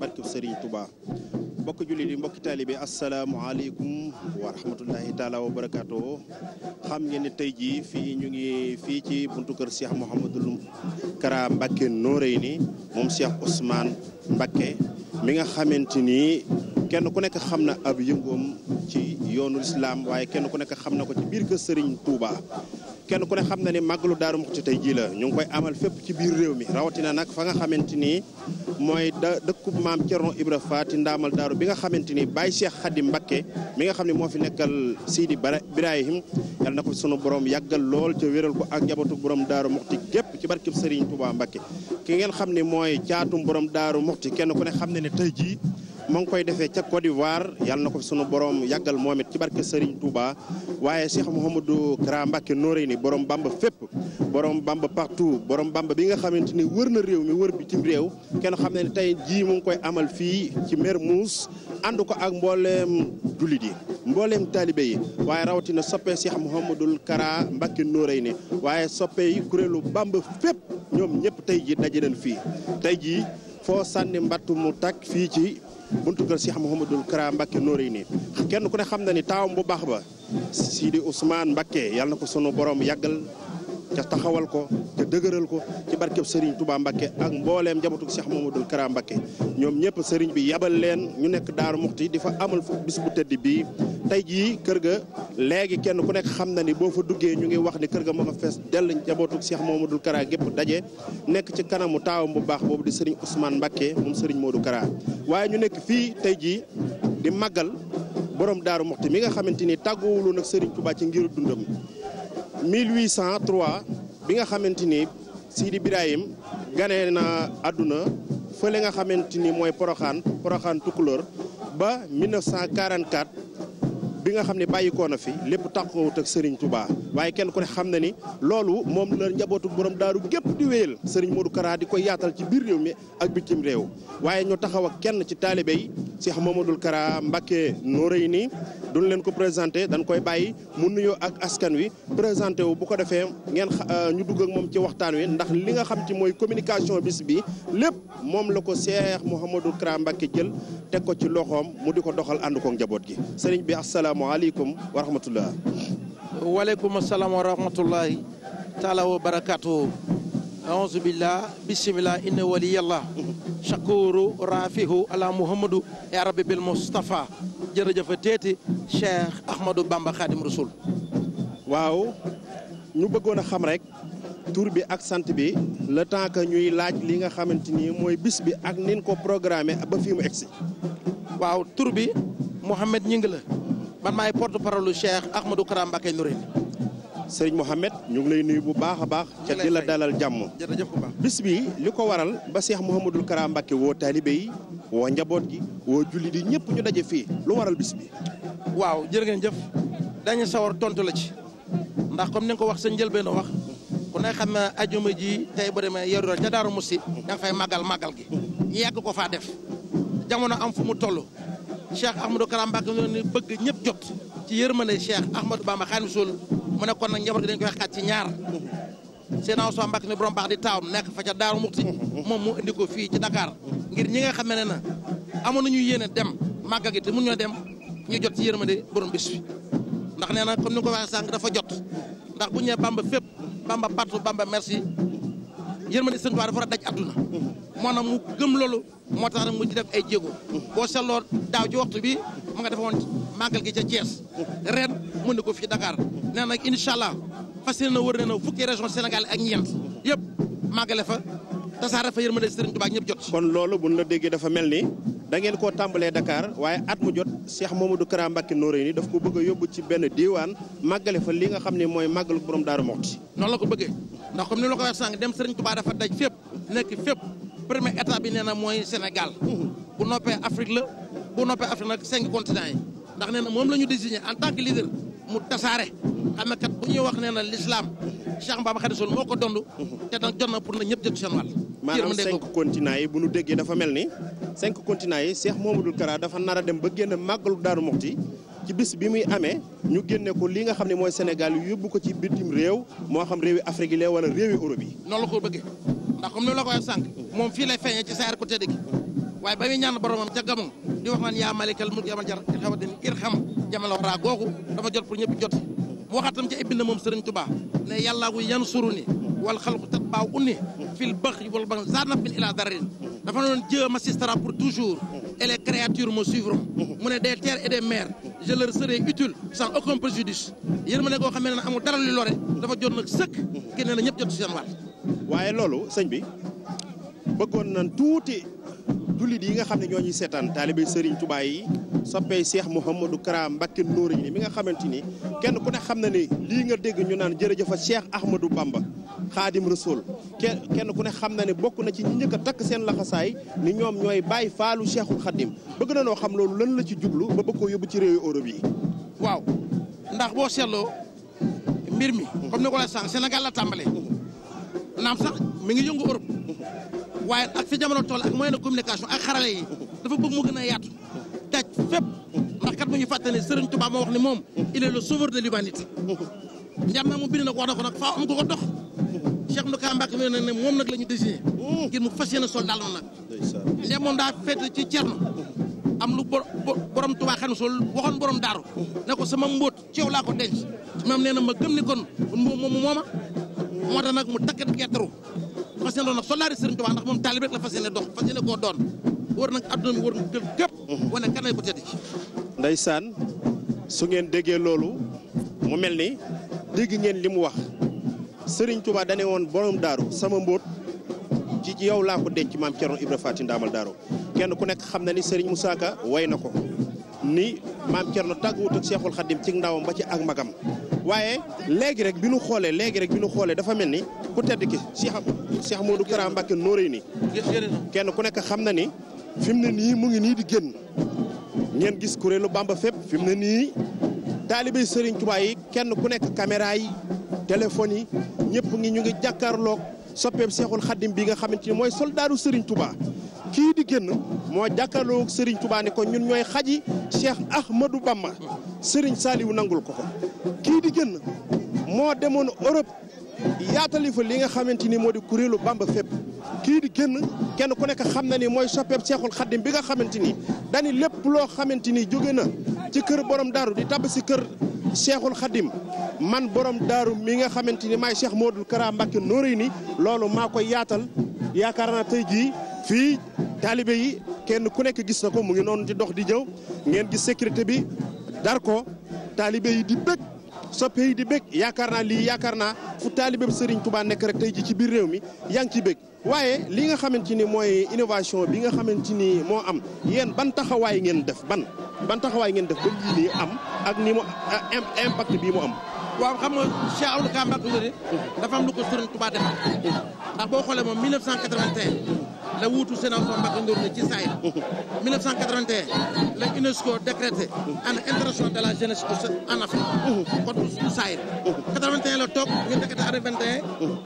barkeb sëriñ Touba mbokki jullit yi mbokki taalibe asalaamaaleykum wa rahmatullahi taala wa barakaatu xam ngeen ne tey jii fii ñu ngi fii ci buntu kër Cheikh Mouhamadul Kara Mbacke ni moom Cheikh Ousmane Mbacke mi nga xamante ni kenn ku nekk xam na ab yëngoom ci yoonu lislaam waaye kenn ku nekk xam na ko ci biir kër sëriñ Touba kenn ku ne xam na ne màggalu Daaru Muxti tey jii la ñu ngi koy amal fépp ci biir réew mi rawatina nag fa nga xamante ni mooy da dëkkub maam Cerno Ibra Faati ndaamal daaru bi nga xamante ni Baye Cheikh Khadim Mbacké mi nga xam ne moo fi nekkal Sidi Ibrahim yàlla na ko sunu borom yàggal lool ca wéral ko ak njabootu borom Daaru Muxti gépp ci barkeb Serigne Touba Mbacké ki ngeen xam ne mooy caatum borom Daaru Muxti kenn ku ne xam ne ne tey jii ma ngi koy defee ca Côte d'Ivoire yàlla na ko sunu boroom yàggal moom it ci barke Serigne Touba waaye Cheikh Mouhamadou Kara Mbacké Noreyni borom Bamba fépp borom Bamba partout borom Bamba bi nga xamante ni wër na réew mi wër bitim réew kenn xam ne ne tey jii mu ngi koy amal fii ci Mermoz ànd ko ak mbooleem jullit yi mbooleem taalibe yi waaye rawatina soppee Cheikh Mouhamadou Kara Mbacké Noreyni waaye soppee kuréelu Bamba fépp ñoom ñëpp tey jii daje nañ fii tey jii foo sànni mbattu mu tak fii ci buntu kër Cheikh Mouhamadul Kara Mbacke nóoréy ni kenn ku ne xam na ni taawam bu baax ba Sidi Ousmane Mbacke yàlla na ko sunu boroom yàggal ca taxawal ko ca dëgëral ko ci barkeb Serigne Touba Mbakke ak mbooleem njabootu Cheikh Mamadou Kara Mbakke ñoom ñëpp Serigne bi yabal leen ñu nekk Daaru Muxti di fa amal fu bis bu tëdd bi tey jii kër ga léegi kenn ku nekk xam na ni boo fa duggee ñu ngi wax ni kër ga ma nga fees dell njabootu Cheikh Mamadou Kara gépp daje nekk ci kanamu taawam bu baax boobu di Serigne Ousmane Mbakke moom Serigne Modou Kara waaye ñu nekk fii tey jii di màggal borom Daaru Muxti mi nga xamante ni tàggoowuloon ak Serigne Touba ci ngir dundam 1803 bi nga xamante ni Sidi Birahim ganee na àdduna fële nga xamante ni mooy Poroxaan Poroxaan Tukulóor ba 1944 bi nga xam ne bàyyikoo na fi lépp tàqoowut ak Serigne Touba waaye kenn ku ne xam na ni loolu moom la njabootu borom daaru gépp di wéyal Serigne Modou Kara di koy yaatal ci biir réew mi ak bitim réew waaye ñoo taxaw ak kenn ci taalibe yi Cheikh Mamadou Kara Mbacké Noreyni duñ leen ko présenté dañ koy bàyyi mu nuyoo ak askan wi présenté wu bu ko defee ngeen euh, ñu dugal moom ci waxtaan wi ndax li nga xam ci mooy communication bis bi lépp moom la ko Cheikh Mouhamadou Kara Mbacké jël teg ko ci loxoom mu di ko doxal ànd ko njaboot gi sëriñ bi asalaamaaleykum wa rahmatullah waaleykum asalaam wa rahmatullahi taala wa أعوذ بالله بسم الله إن ولي الله شكور رافه على محمد يا رب بالمصطفى jërëjëf teeti Cheikh Ahmadou Bamba Khadim Rasoul waaw ñu bëggoon a xam rek tur bi ak sant bi le temps que ñuy laaj li nga xamante ni mooy bis bi ak nin ko programmé ba fii mu egsi waaw tur bi Mouhamed Ñing la man maay porte parole Cheikh Ahmadou Kara Mbacké Noreyni sëriñ Mouhamed ñu ngi lay nuyu bu baax a baax ca di la dalal jàmm bis bi li ko waral ba seex Mouhamadul Kara Mbàkke woo taalibe yi woo njaboot gi woo julli di ñëpp ñu daje fii lu waral bis bi waaw jërë ngeen jëf dañu sawar tontu la ci ndax comme ni ko wax sa njëlbeen wax ku ne xam na ajuma ji tey ba demee yoru ca Daaru Musti da nga fay màggal màggal gi yàgg ko faa def jamono am fu mu toll Cheikh Ahmadou Kara Mbàkke noonu bëgg ñëpp jot ci yërmande Cheikh Ahmadou mu ne kon nag njaboot gi dañ koy xaaj ci ñaar Seydina Ousmane Mbacke mi borom baax di taawam nekk fa ca Daaru Muxti moom mu indi ko fii ci Dakar ngir ñi nga xam ne na amoon nañu yéene dem màggal gi te mun ñoo dem ñu jot ci yërmande borom bis bi ndax nee na comme ni nga ko waxee sànq dafa jot ndax bu ñu nee Bamba fépp Bamba partout Bamba mersi yërmande Sëñ Tuubaa dafa war a daj àdduna moo na mu gëm loolu moo tax nag mu ci def ay jéego boo seetloo daaw ci waxtu bi mu nga defoon màggal gi ca Thiès mu ne ko fii Dakar nee nag incha allah fas yéene na wër ne na fukki région Sénégal ak ñeent yëpp màggale fa tasaare fa yërmande Serigne Touba ñëpp jot. kon loolu bu ñu la déggee dafa mel ni da ngeen koo tàmbalee dakaar waaye at mu jot Cheikh Mamadou Kara Mbacké Noreyni daf ko bëgg a yóbbu ci benn diiwaan màggale fa li nga xam ne mooy màggalu borom Daaru Moxti. noonu la ko bëggee ndax comme ni la ko waxee sànq dem Serigne Touba dafa daj fépp nekk fépp premier état bi nee na mooy Sénégal bu noppee Afrique la bu noppee Afrique nag cinq continents yi ndax nee na moom la ñu désigné en tant que mu tasaare xam ne kat bu ñuy wax nee na lislaam Cheikh Mbaba Khady Soul moo ko dond mhm. te nag jot na pour na ñëpp jot seen wàll maanaam cinq continents yi bu nu déggee dafa mel ni cinq continents yi Cheikh dul Kara dafa nar a dem ba génn màggalu Daaru Muxti ci bis bi muy amee ñu génne ko li nga xam ne mooy Sénégal yóbbu ko ci bitim réew moo xam réewi Afrique yi wala réewi Europe yi noonu la ko bëggee ndax comme ni la ko sànq moom fii lay feeñee ci saar côté dëgg waaye ba muy ñaan boromam ca gamu di wax naan yaa malikal mulk yaa man jar xew a dem irham jamala waraa googu dafa jot pour ñëpp jot mu waxaatam ci ay moom Sëriñ Tuubaa ne yàllaa gu yan suru ni wal xalqu tat baaw unni fil bëx wal ba zanab min ila dararin dafa noon Dieu m'assistera pour toujours et les créatures me mu ne des terres et des mers je leur serai utile sans aucun préjudice ma ne koo xam ne amul dara lu lore dafa jot nag sëkk ki ne na ñëpp jot seen waat waaye loolu sëñ bi jullit yi nga xam ne ñoo ñuy seetaan taalibe Serigne Touba yi soppee Cheikh Mouhamadou Kara Mbacké Noreyni mi nga xamante ni kenn ku ne xam na ne lii nga dégg ñu naan jërëjëfa Cheikh Ahmadou Bamba Xaadim Rasul kenn kenn ku ne xam na ne bokk na ci ñi njëkk takk seen laxasaay ni ñoom ñooy bàyyi faalu Cheikhul Xaadim bëgg na noo xam loolu lan la ci jublu ba bëgg koo yóbbu ci réewu Europe yi. waaw ndax boo seetloo mbir mi. comme ni ko la sànq Sénégal la tàmbalee. naam sax ngi yëngu Europe. waaye ak fi jamono toll ak moo de communication ak xarale yi dafa bëgg mu gën a yaatu daj fépp ndax kat mu ñu fàttali ne Serigne Touba moo wax ni moom il est le sauveur de l'humanité njàm naa mu bind nag wax na ko nag faaw am ko ko dox Cheikh Ndouka Mbacke mi ne ne moom nag la ñu désigné ngir mu fas yéene sol daal noonu nag ndem moom daa féete ci Cerno am lu borom Touba xam sol waxoon borom daaru ne ko sama mbóot ci laa ko denc moom nee na ma gëm ni kon moom moom mooma moo tax nag mu takkat gertaru ku fas yéene doon nag soldaari Serigne Touba ndax moom taalib rek la fas dox fas koo doon wër na adduna mi wër na gël képp wane kan lay ko tedd ci ndeysaan su ngeen déggee loolu mu mel ni dégg ngeen li mu wax Serigne tubaa dane woon borom daaru sama mbóot ci yow laa ko denc maam Thierno Ibra Faty Ndamal daaro kenn ku nekk xam na ni Serigne Moussa Ka way na ko ni maam Thierno tàgguwut ak Cheikhul Khadim ci ndawam ba ci ak mbagam waaye léegi rek bi nu xoolee léegi rek bi nu xoolee dafa mel ni ku tedd ki Cheikh Cheikh Modou Kara Mbacké nóoré ni kenn ku nekk xam na ni fi mu ne nii mu ngi nii di génn ngeen gis kuréelu Bamba fépp fi mu ne nii taalibe Serigne Touba yi kenn ku nekk caméra yi téléphone yi ñëpp ngi ñu ngi jàkkaarloog soppeeb Seexul Xaddim bi nga xamante ni mooy soldaaru Serigne Touba kii di génn moo jàkkaarloog Serigne Touba ni ko ñun ñooy xaji Cheikh Ahmadou Bamba Serigne Saliou nangul ko kii di génn moo demoon Europe yaatali fa li nga xamante ni moo di kuréelu Bamba fépp kii di génn kenn ku nekk xam na ni mooy soppeeb Seexul Xaddim bi nga xamante ni dani lépp loo xamante ni jóge na ci kër borom daaru di tabb si kër Seexul Xaddim man borom daaru mi nga xamante ni maay Cheikh Modou Kara Mbacké Noreyni loolu maa koy yaatal yaakaar naa tey jii fii taalibe yi kenn ku nekk gis na ko mu ngi noonu di dox di ñëw ngeen gis sécurité bi dar ko taalibe yi di bëgg soppe yi di bëgg yaakaar naa lii yaakaar naa fu taalibe bi Serigne Touba nekk rek tey ji ci biir réew mi yaa ngi ci bëgg waaye li nga xamante ni mooy innovation bi nga xamante ni moo am yéen ban taxawaay ngeen def ban ban taxawaay ngeen def ba lii nii am ak ni mu impact bii mu am. waaw xam nga Cheikh Abdou Ka Mbacké dafa am lu ndax boo xoolee moom 1981. la wuutu Sénégal Mbacké Ndour ne ci Sahel 1981 la UNESCO décrété année internationale de la jeunesse en kon du Sahel la toog ñu décrété année 21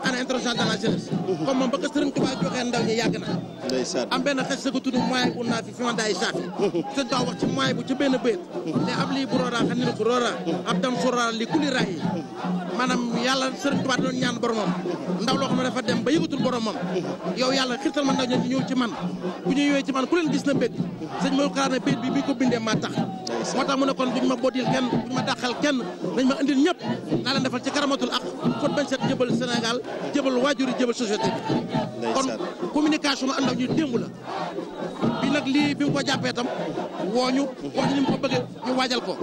année de la jeunesse comme moom ba ko Serigne ndaw ñi yàgg na xes sa ko tudd moyen bu naa fi fi ma daay saafi wax ci moyen bu ci benn béyt te ab lii bu roora xam ab dam furora li kuli ray yi maanaam yàlla Serigne ñaan boromam ndaw loo xam dem ba boromam yow yàlla dañu ñëw ci man bu ñu ñëwee ci man ku leen gis na mbég sëñ ma Kara ne béyit bi bi ko bindee maa tax moo tax mu ne kon buñu ma bodil kenn buñu ma dàqal kenn dañ ma indil ñëpp naa leen defal ci karamatul ak kon bañ set jëbal Sénégal jëbal waajur yi jëbal société bi kon communication ànd ak ñu démb la bi nag lii bi mu ko jàppee tam wooñu wooñu ni mu ko bëggee ñu waajal ko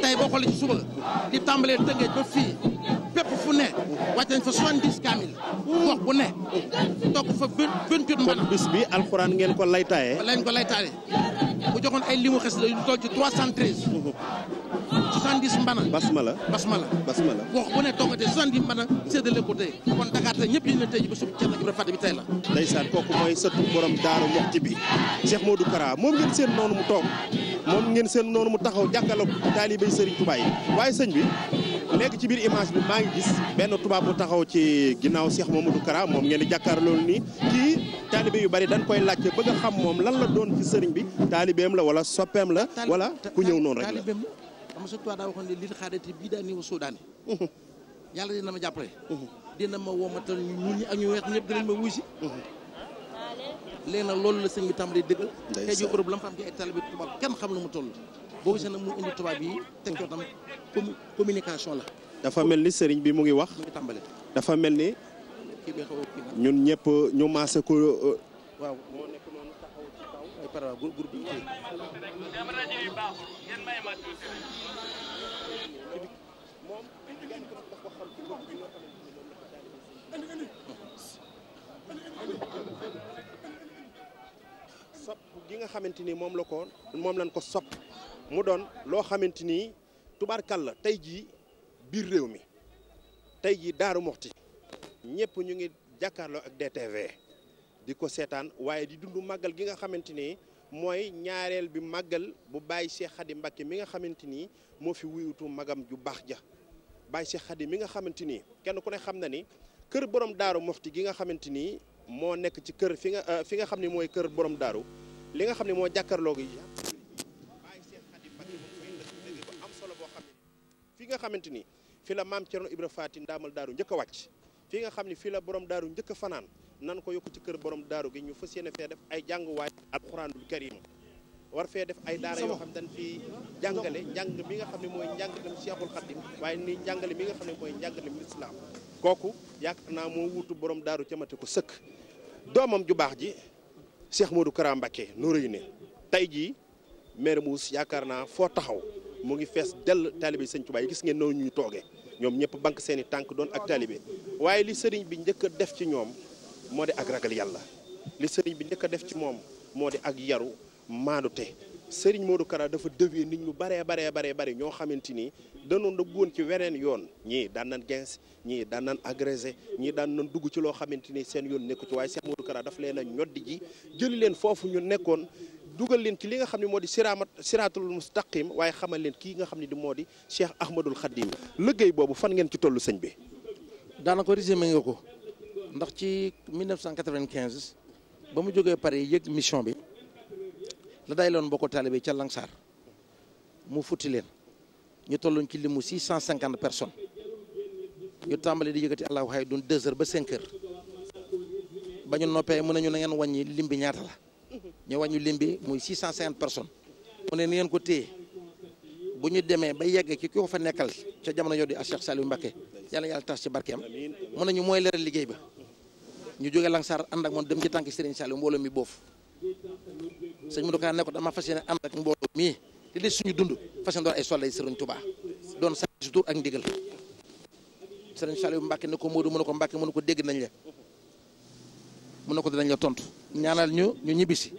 tey boo xoolee ci suba di tàmbalee tëngeej ba fii pépp fu ne wàcc nañ fa soixante-dix kaamil gox bu ne toog fa vingt-huit man bis bi alxuraan ngeen ko laytaaye lañ ko laytaaye bu joxoon ay limu xes la yu toll trois cent treize 70 mbana. basmala basmala basmala. wax bu ne toogatee 70 mbana séddale ko tey kon Dakar tey ñëpp ñu ne tey ji ba suuf Thierno Ibrahima Fatick bi tey la. ndeysaan kooku mooy sëtu borom Daaru Moxti bi Cheikh Modou Kara moom ngeen seen noonu mu toog moom ngeen seen noonu mu taxaw jàkkaarloog taalibey Serigne Touba yi waaye sëñ bi. léegi ci biir image bi maa ngi gis benn tubaab bu taxaw ci ginnaaw Cheikh Mamadou Kara moom ngeen di jàkkaarloo ni kii taalibe yu bari dañ koy laajte bëgg a xam moom lan la doon ci sëriñ bi taalibeem la wala soppeem la wala ku ñëw noonu rek la ma jàppale dina ma womatal ñu ñun ñi ak ñu weex ñëpp dinañ ma wuy si léegi nag loolu la sëñ bi tàmbalee dëggal tey ji Europe la mu fa am ci ay talibé la dafa mel ni sëriñ bi mu ngi wax mu ngi tàmbale dafa mel ni ñun ñëpp ñu maase ko par la groupe groupe sopp gi nga xamante ni la ko moom lañ ko sopp mu doon loo xamante mi ñu ngi ak DTV di ko seetaan waaye di dund màggal gi nga xamante ni mooy ñaareel bi màggal bu bàyyi Cheikh Khady Mbacké mi nga xamante ni moo fi wuyutu magam ju baax ja Baye Cheikh Khady mi nga xamante ni kenn ku ne xam na ni kër borom daaru moxti gi nga xamante ni moo nekk ci kër fi nga euh, fi nga xam ni mooy kër borom daaru li nga xam ne moo jàkkaarloo gi Baye Cheikh fi nga xamante ni fi la maam Thierno Ibra Faati ndaamal daaru njëkk a wàcc fi nga xam ne fi la borom daaru njëkk a fanaan nan ko yokk ci kër borom daaru gi ñu fas yéene fee def ay jànguwaay alxuraanul karima war fee def ay daara yoo xam dañ fi jàngale njàng mi nga xam ne mooy njàngalem Cheikhul Khadim waaye ni njàngale mi nga xam ne mooy njàngalem lislaam kooku yaakaar naa moo wuutu borom daaru jëmate ko sëkk doomam ju baax ji Cheikh Modou Kara Mbacké nooréyu ne tey jii maire Mouss yaakaar naa foo taxaw mu ngi fees dell taalibe sëñ Tuubaa yi gis ngeen noonu ñuy toogee ñoom ñëpp banque seeni tànk doon ak taalibe waaye li sëriñ bi njëkk a def ci ñoom moo di ak ragal yàlla li sëriñ bi njëkk a def ci moom moo di ak yaru maanute sëriñ Modou Kara dafa dëwee nit ñu baree baree baree bari ñoo xamante ni danoon da góon ci weneen yoon ñii daan nañ gens ñii daan nañ agressé ñii daan nañ dugg ci loo xamante ni seen yoon nekku ci waaye Cheikh Modou Kara daf leen a ñoddi ji jëli leen foofu ñu nekkoon dugal leen ci li nga xam ne moo di siraamat siraatul mustaqim waaye xamal leen kii nga xam ne di moo di Cheikh Ahmadul Khadim liggéey boobu fan ngeen ci tollu sëñ bi daanaka résumé nga ko ndax ci 1995 ba mu jógee pare yëg mission bi la day loon mbokk taalibe ca Langsar mu futti leen ñu tolluñ ci limu 650 personne ñu tàmbali di yëkkati allahu xay dun 2 heures ba 5 heures ba ñu noppee mun nañu na ngeen wàññi lim bi ñaata la ñu limbi lim bi muy 650 personnes mu ne ni ko téye bu ñu demee ba yegg ki ko fa nekkal ca jamono yoo di Cheikh Saliou Mbacké yàlla yàlla tas ci barkeem mu nañu mooy leeral liggéey ba ñu jóge Lansar ànd ak moom dem ci tànk Serigne Saliou mbooloo mi boofu sëñ Modou Kara ne ko dama fas yéene ànd ak mbooloo mii te des suñu dund fas yéene doon ay soldat Serigne Touba doon sa su tur ak ndigal Serigne Saliou Mbacke ne ko Modou mu ne ko Mbacke mu ne ko dégg nañ la mu ne ko dinañ la tontu ñaanal ñu ñu ñibbisi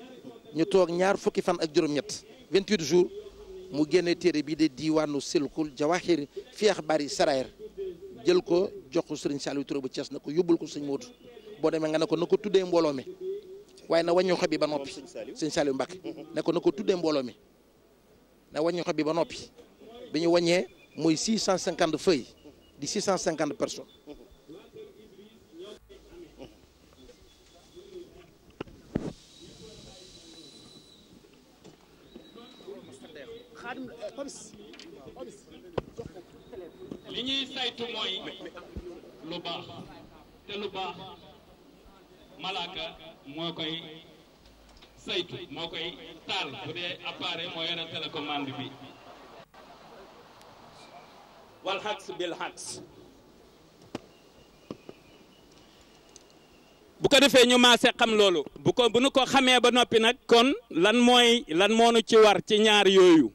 ñu toog ñaar fukki fan ak juróom-ñett 28 jours mu génne téere bi de diwaanu silkul jawahir fi bari sarair jël ko jox ko Serigne Saliou Touré bu Thiès na ko yóbbul ko sëñ Modou boo demee nga ne ko na ko tuddee mi waaye na wàññi xob ba nopi seigne Saliou Mbacke ne ko na ko tuddee mi na wàññi xabi ba nopi biñu ñu moy 650 six feuilles di 650 personnes li ñuy saytu mooy lu baax te lu baax malaaka moo koy saytu moo koy taal bu dee appareil moo yore télécommande bi bu ko defee ñu maase xam loolu bu ko bu nu ko xamee ba noppi nag kon lan mooy lan moonu ci war ci ñaar yooyu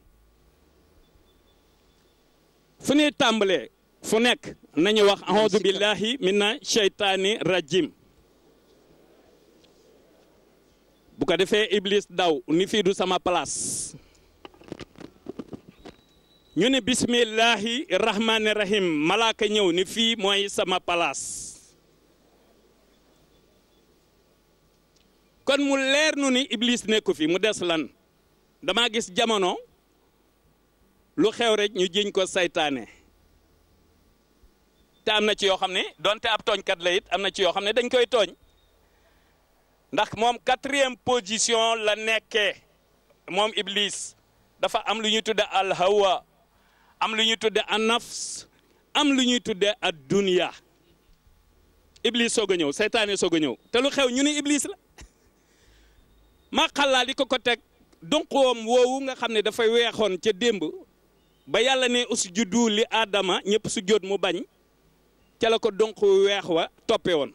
fu ñuy tàmbalee fu nekk nañu wax audu billahi mina sheytaani rajim bu ko defee Iblis daw ni fii du sama place ñu ne bismillahi rahmaani rahim malaaka ñëw ni fii mooy sama place kon mu leer nu ni Iblis nekku fi mu des lan damaa gis jamono lu xew rek ñu jiñ ko seytaane te am na ci yoo xam ne donte ab tooñkat la it am na ci yoo xam ne dañ koy tooñ ndax moom quatrième position la nekkee moom iblis dafa am lu ñuy tudde alhawa am lu ñuy tudde anafs am lu ñuy tudde ad dunia iblis soog a ñëw seytaane soog a ñëw te lu xew ñu ne iblis la ma xalaat li ko ko teg donqoom woowu nga xam ne dafay weexoon ca démb ba yàlla ne usjudu li aadama ñëpp su jóot mu bañ ca la ko donq weex wa toppe woon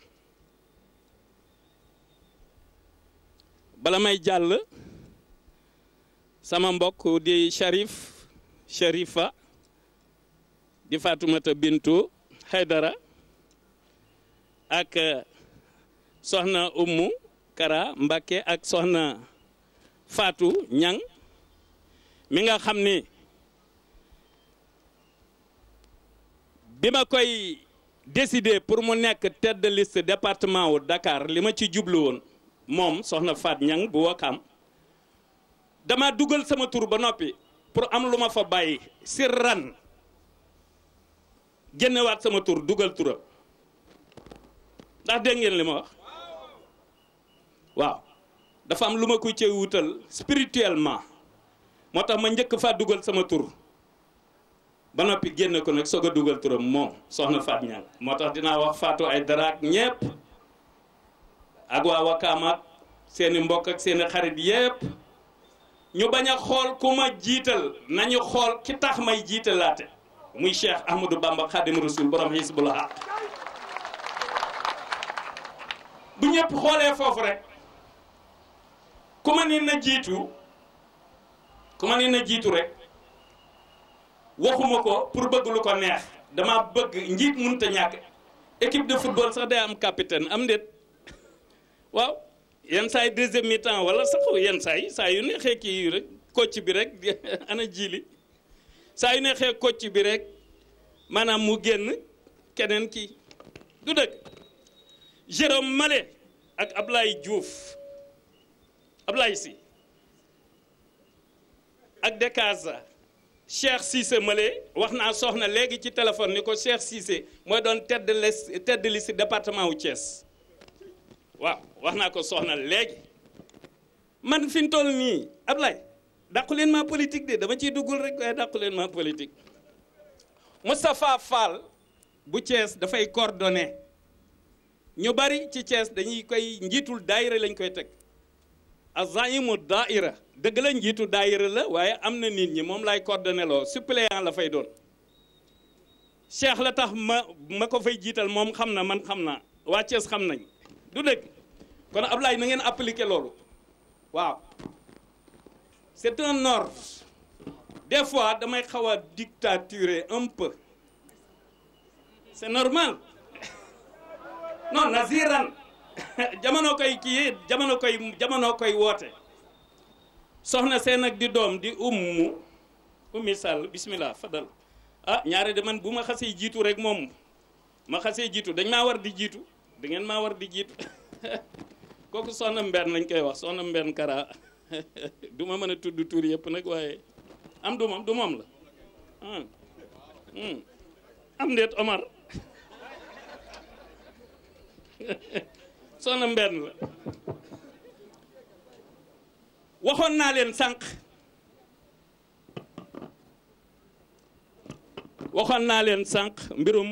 bala may jàll sama mbokk di Sharif Sharifa di Fatoumata Bintu Haydara ak soxna Umu Kara Mbakke ak soxna Fatou Ñang mi nga xam ni bi ma koy décider pour mu nekk tête de liste département wu Dakar li ma ci jublu woon Mom soxna Fat Ñang bu Wakam dama dugal sama tour ba nopi pour am luma fa bàyyi sirran wat sama tur dugal turam ndax dégg ngeen li ma wax waaw dafa am luma ma koy cee wutal spirituellement motax ma ñëk fa dugal sama tur ba nopi genné ko nak soga duggal dugal turam soxna Fat Ñang motax dina wax Fatou ay drak ñepp ak waa Wakaam ak seeni mbokk ak seeni xarit yépp ñu bañ a xool ku ma jiital nañu xool ki tax may jiitalaate muy Cheikh Ahmadou Bamba Khadim Rasoul borom Hizbul Haq bu ñëpp xoolee foofu rek ku ma ni na jiitu ku ma ni na jiitu rek waxuma ko pour bëgg lu ko neex dama bëgg njiit mënut a ñàkk équipe de football sax day am capitaine am ndét waaw yenn saay deuxième mi-temps wala sax yenn saay saa yu neexee kii rek bi rek ana jiili saa yu neexee kocc bi rek maanaam mu génn keneen ki du dëgg Jérôme male ak Ablaye Diouf Ablaye si ak Dekaza Cheikh Cissé Malé wax naa soxna léegi ci téléphone ni ko Cheikh Cissé mooy doon tête de liste tête de liste département wu Thiès waaw wax naa ko soxna léegi man fi mu toll nii Ablaye dàqu leen ma politique de dama ciy duggul rek waaye dàqu leen ma politique Moustapha Fall bu Thiès dafay coordonné ñu bari ci Thiès dañuy koy njiitul daayira lañ koy teg azaimu daaira dëgg la njiitu daayira la waaye am na nit ñi moom laay coordonné loo suppléant la fay doon Cheikh la tax ma ma ko fay jiital moom xam na man xam naa waa Thiès xam nañ du dëgg kon Ablaye na ngeen appliquer lolu waaw c'est un ordre des fois damay xawa dictaturer un peu c'est normal non naziran jamono koy ki jamono koy jamono koy wote soxna sen ak di dom, di ummu ummi sal bismillah fadal ah ñaare de man bu xasse jitu rek mom, ma xasse jitu, dañ ma war di jitu. da ngeen maa war di jiit kooku soxna mbenn lañ koy wax soxna mbenn kara du mën a tudd tur yépp nag waaye am du moom du moom la hmm. Hmm. am ndeet Omar soxna mbenn la waxoon naa leen sànq waxoon naa leen sànq mbirum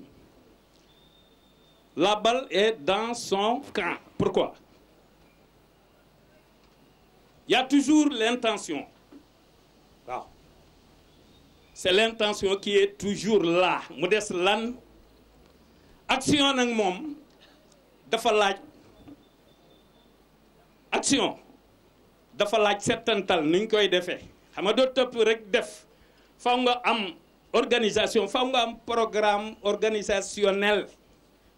la balle est dans son camp. Pourquoi Il y a toujours l'intention. C'est l'intention qui est toujours là. mu lan action en un dafa laaj action dafa laaj settantal ni ñu koy defee xam rek def faw am organisation faw am programme organisationnel.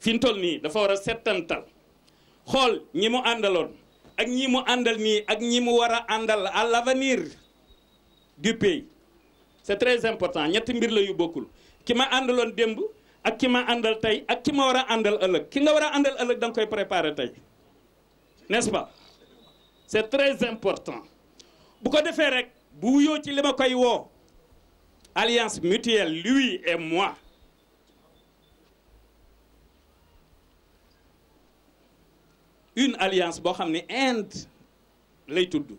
fi mu ni nii dafa wara a settantal ñi mu andalon ak ñi mu andal ni ak ñi mu war a à l'avenir du pays c'est très important ñet mbir la yu bokul ki ma andalon demb ak ki ma andal tay ak ki ma wara andal ëlëk ki nga wara andal ëlëk dang koy préparer tay n'est-ce pas c'est très important bu ko defee rek bu wuyoo ci li ma koy woo alliance mutuelle lui et moi une alliance boo xam ne Inde lay tudd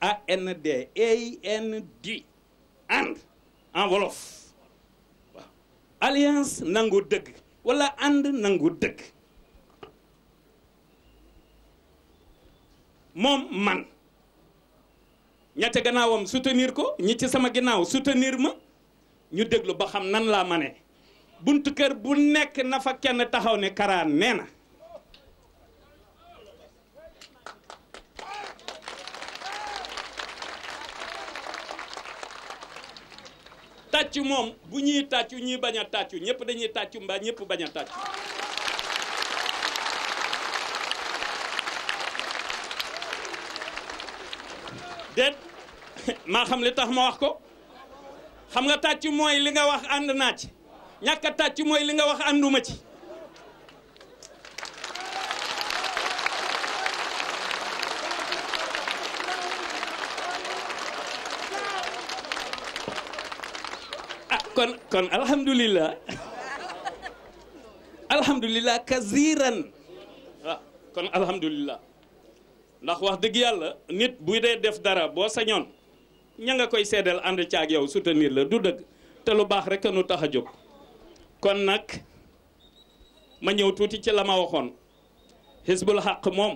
AND AND and alliance nangu dëgg wala ànd nangu dëgg moom man ñette gannaawam soutenir ko ñi ci sama gannaaw soutenir ma ñu déglu ba xam nan laa ma ne buntu kër bu nekk na fa kenn taxaw ne karaan nee na tàcc moom bu ñuy tàccu ñuy bañ a tàccu ñëpp dañuy tàccu mbaa ñëpp bañ a tàccu déet maa xam li tax ma wax ko xam nga tàcc mooy li nga wax ànd naa ci ñàkk a tàcc mooy li nga wax ànduma ci kon kon alhamdulillah alhamdulillah kaziran waaw ah, kon alhamdulillah ndax wax deug yalla nit buy day def dara bo sañon ña nga koy and ci ak yow soutenir la du deug te lu bax rek nu taxajuk kon nak ma ñew tuti ci lama waxon hizbul xisbul mom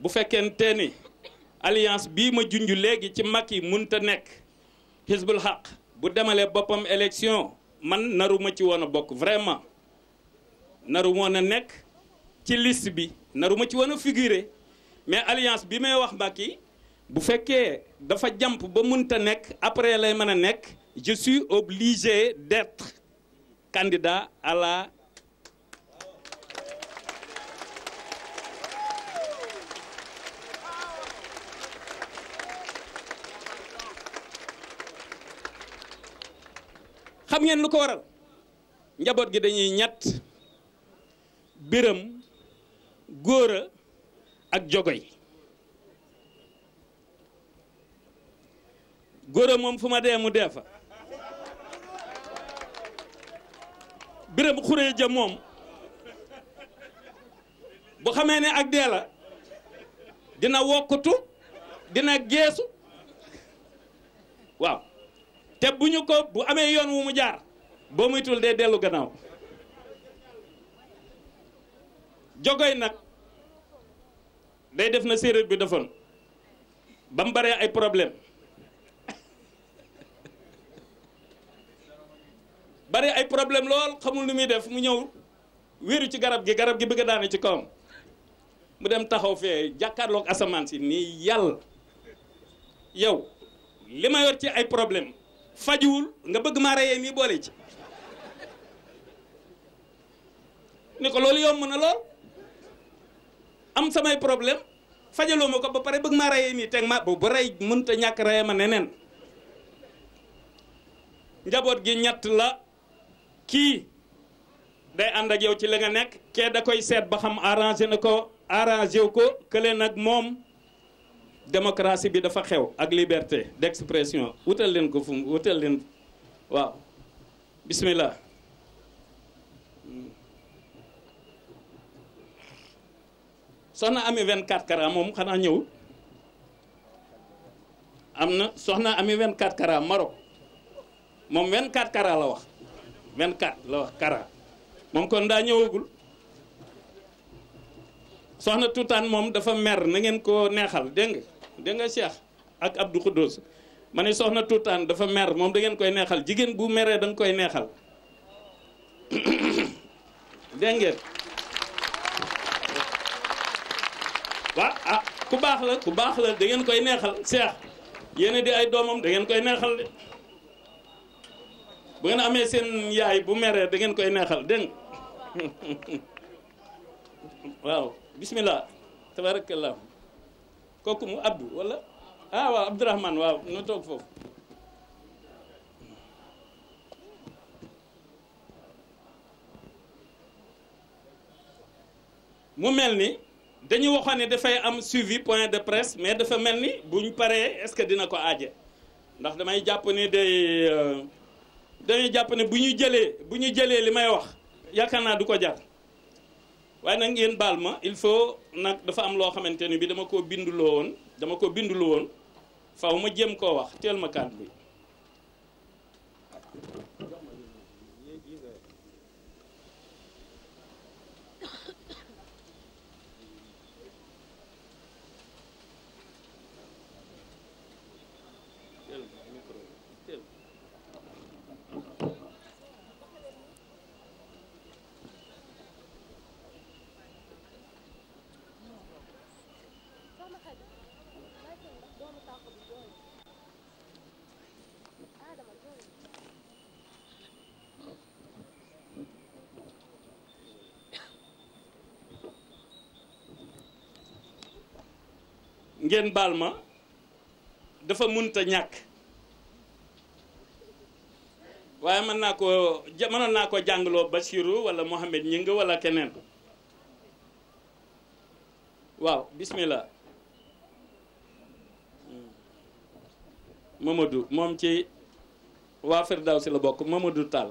bu fekkente ni alliance bi ma ci makki munta nek hizbul bu demalee bopam élection man naruma ci wona bok vraiment naru wona nek ci liste bi naruma ci wona figurer mais alliance bi may wax Macky bu fekkee dafa jàmp ba mënta nek après lay meuna nek je suis obligé d'être candidat à la xam ngeen lu ko waral njaboot gi dañuy ñett biram góora ak jogoy góora moom fu ma dee mu dee fa biram xuree ja moom bu xamee ne ak dee dina wokkutu dina geesu waaw te bu ñu ko bu amee yoon wu mu jaar boo muytul dee dellu gannaaw jogoy nag day def na séeréer bi defoon ba mu baree ay problème bari ay problème lool xamul nu muy def mu ñëw wéeru ci garab gi garab gi bëgg a daane ci kawam mu dem taxaw fee jàkkaarloog asamaan si nii yàlla yow li ma ci ay problème fajuwul nga bëgg maa reyee mii boole ci ni ko loolu mën a lool am samay problème fajaloo ma ko ba pare bëgg maa reyee nii teg ma bu rey mënta ñàkk reye ma ne neneen njaboot gi ñett la kii day ànd ak yow ci li nga nekk kee da koy seet ba xam arrangé na ko arrangé wu ko kële nag moom démocratie bi dafa xew ak liberté d'expression wutal leen ko fu mu wutal leen waaw bismillah soxna ami 24 kara moom xanaa ñëw am na soxna ami 24 kara Maroc moom 24 kara la wax 24 la wax kara moom kon daa ñëwagul soxna tuutaan moom dafa mer na ngeen ko neexal dégg dégg nga Cheikh ak Abdou khodous mané soxna tuutaan dafa mer mom da ngeen koy neexal jigen bu meree da nga koy neexal dégg ngeen wa ah, ku bax la ku bax la da ngeen koy neexal Cheikh yene di ay domam da ngeen koy neexal bu ngeen amé sen yaay bu meree da ngeen koy neexal deng wow bismillah tabarakallah kooku mu Abdou wala ah waaw Abdourahman waaw nu toog foofu mu mel ni dañu waxoon ne dafay am suivi point de presse mais dafa mel ni buñ paree est-ce que dina ko aaje ndax damay jàpp ni day euh, dañuy jàpp ne bu ñu jëlee bu ñu jëlee li may wax yaakaar naa du ko jar waaye nag ngeen baal ma il faut nag dafa am loo xamante ni bi dama koo binduloo woon dama ko binduloo woon faw ma jéem koo wax teel ma kàddu bi ngeen baal ma dafa munta ñàkk waaye mën naa ko mënoon naa ko jàngloo Bachirou wala Mohamed Ñing wala keneen waaw bismillah Mamadou moom ci waa Firdawsi la bokk Mamadou Tall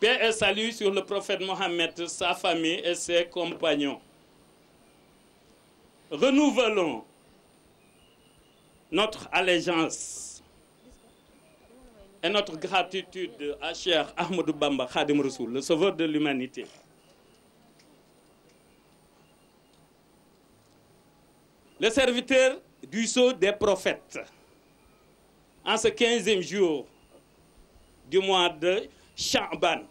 Paix et salut sur le prophète Mohammed, sa famille et ses compagnons. Renouvelons notre allégeance et notre gratitude à cher Ahmadou Bamba Khadim Rasoul, le sauveur de l'humanité. Le serviteur du sceau des prophètes, en ce 15e jour du mois de Chamban,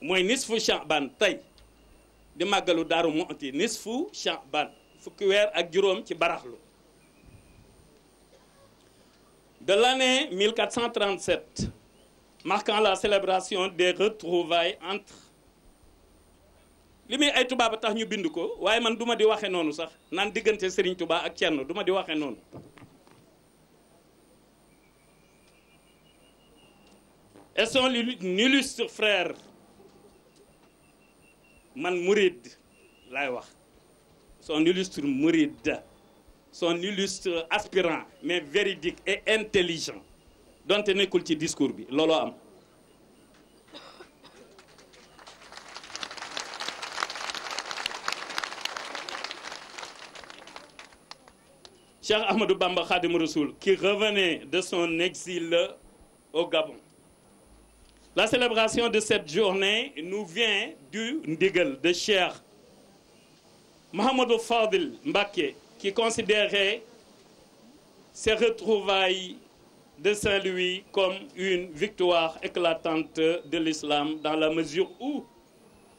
Moi, nisfu Chaban tay de màggalu daru nisfu Chaban fukki ak de l'année 1437 marquant la célébration des retrouvailles entre ay tax ñu man duma di waxe nonu sax nan digënté Touba ak duma di waxe et son illustre frère man son illustre Mouride son illustre aspirant mais véridique et intelligent Donc nekkul a discours Lolo am. Cheikh Ahmadou Bamba Khadim Rasoul qui revenait de son exil au Gabon la célébration de cette journée nous vient du Ndigel, de Cher Mohamed Fadil Mbake, qui considérait ses retrouvailles de Saint-Louis comme une victoire éclatante de l'islam dans la mesure où,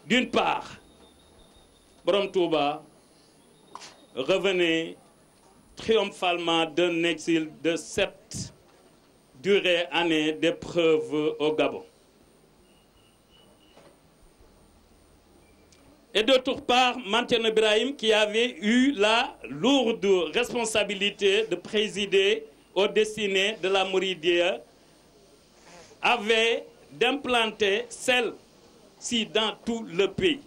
d'une part, Brom Touba revenait triomphalement d'un exil de sept durées années d'épreuves au Gabon. Et d'autre part, M. Ibrahim qui avait eu la lourde responsabilité de présider au destiné de la Mouridia avait d'implanter celle-ci dans tout le pays.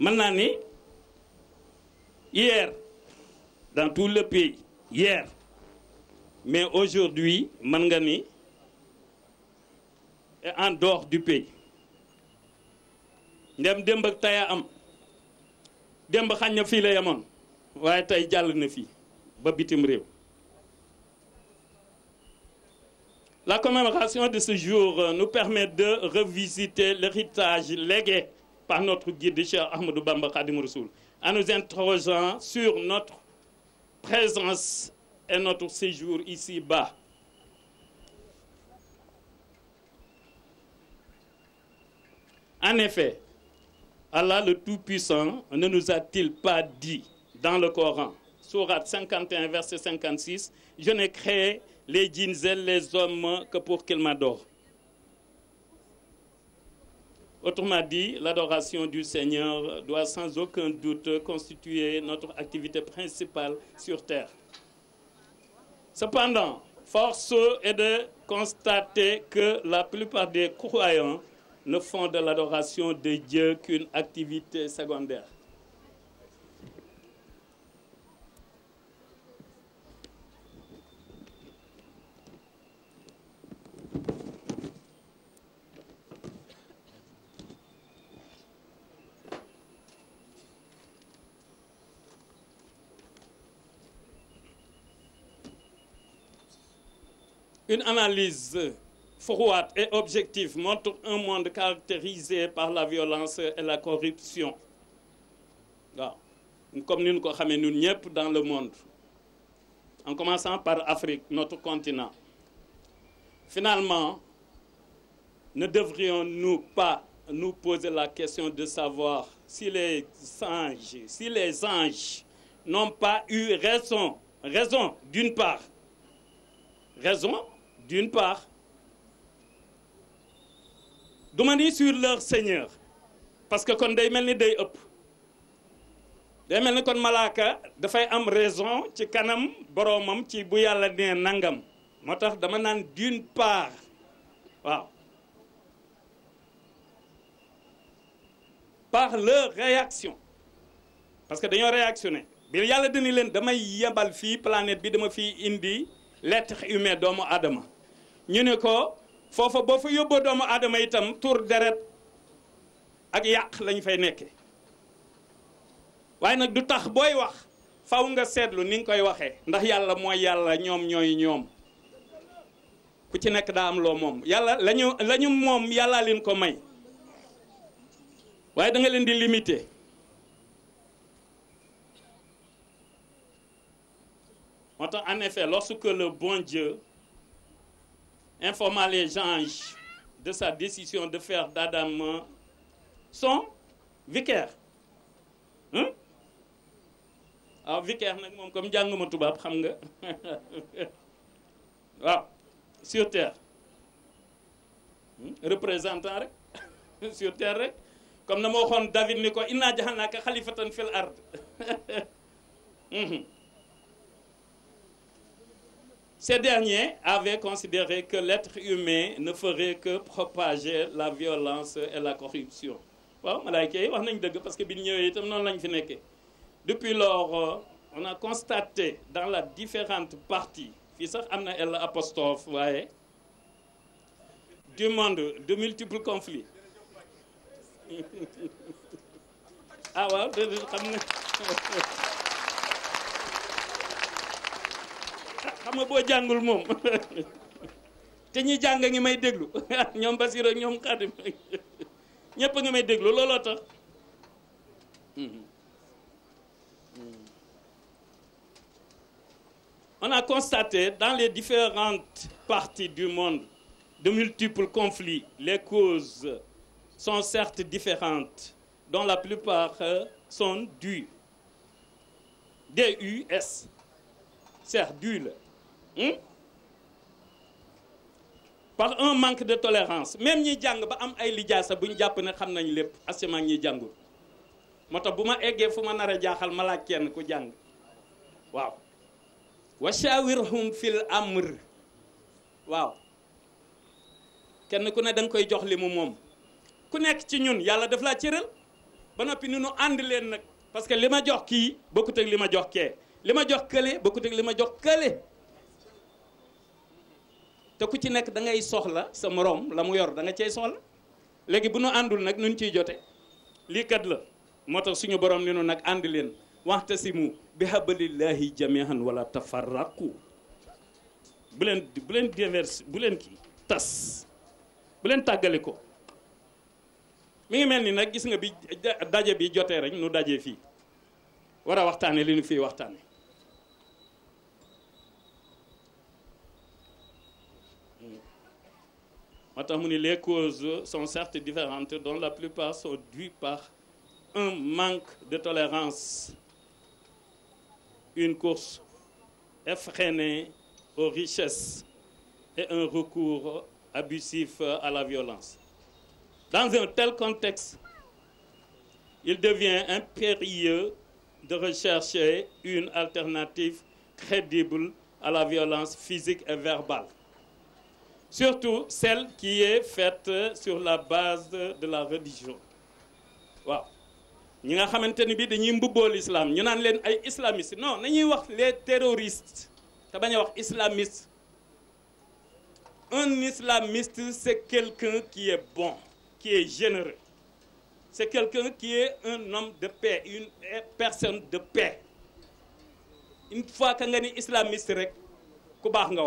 Maintenant, hier, dans tout le pays, hier, mais aujourd'hui, Mangani est en dehors du pays la commémoration de ce jour euh, nous permet de revisiter l'héritage légué par notre guide cher Ahmadou Bamba Khadim en nous interrogeant sur notre présence et notre séjour ici-bas. En effet, Allah le Tout-Puissant ne nous a-t-il pas dit dans le Coran, Sourate 51, verset 56, Je n'ai créé les djinns et les hommes que pour qu'ils m'adorent. Autrement dit, l'adoration du Seigneur doit sans aucun doute constituer notre activité principale sur terre. Cependant, force est de constater que la plupart des croyants ne font de l'adoration de Dieu qu'une activité secondaire. Une analyse froide et objective montre un monde caractérisé par la violence et la corruption comme nous, nous dans le monde en commençant par l'Afrique, notre continent finalement ne devrions-nous pas nous poser la question de savoir si les anges si les anges n'ont pas eu raison raison d'une part raison d'une part du ni sur leur seigneur parce que kon day melni day upp day melni kon malaka da fay am raison ci kanam boromam ci bu yalla nee nangam motax dama nan d'une part waaw par leur réaction parce que dañoo réactionné bi yalla dani leen damay yebal fi planète bi dama fi indi l'être humain doomu adama ñu ne ko foofa boo fa yóbboo doomu aadama itam tur deret ak yàq lañ fay nekke waaye nag du tax booy wax faw nga seetlu ni nga koy waxee ndax yàlla mooy yàlla ñoom ñooy ñoom ku ci nekk daa am loo moom yàlla lañu la moom yàllaa leen ko may waaye danga leen di limité moo tax en effet lorsque le bon Dieu informa les gens de sa décision de faire d'Adam son vicaire. Hein? Alors, ah, vicaire, comme wa sur terre. Hmm? Représentant sur terre. Comme nous David, il n'a pas de l'art. fil ard. Hmm. Ces derniers avaient considéré que l'être humain ne ferait que propager la violence et la corruption. Depuis lors, euh, on a constaté dans les différentes parties, du monde, de multiples conflits. ah ouais, on a constaté dans les différentes parties du monde de multiples conflits. Les causes sont certes différentes, dont la plupart euh, sont dues. D-U-S. Hmm? par un manque de tolérance même ñi les ba am ay buñu japp ne xam nañ lépp asiment ñi les moo buma bu fu ma jaaxal kenn ku jang waaw wa shawirhum fil amr waaw kenn ku ne dang koy jox limu mom ku nekk ci ñun daf ba parce que les ma jox kii bokkut ak li ma jox kee jox ak te ku ci nekk da ngay soxla sa moroom la mu yor danga cee cey soxla léegi bu nu àndul nag nun ciy jote liikat la moo tax suñu borom ni nu nag ànd leen waxtasimu bi hablillahi jamihan wala tafarraqu bu leen bu leen divers bu leen kii tas bu leen tàggali ko mu ngi mel ni nag gis nga bi daje bi jotee rek nu daje fii war a waxtaane li nu fii waxtaane les causes sont certes différentes, dont la plupart sont dues par un manque de tolérance, une course effrénée aux richesses et un recours abusif à la violence. Dans un tel contexte, il devient impérieux de rechercher une alternative crédible à la violence physique et verbale surtout celle qui est faite sur la base de la religion Nous, ñi bi l'islam ñu des islamistes non nous wax les terroristes Nous sommes a islamistes. un islamiste c'est quelqu'un qui est bon qui est généreux c'est quelqu'un qui est un homme de paix une personne de paix une fois que nga ni islamiste rek ku baax nga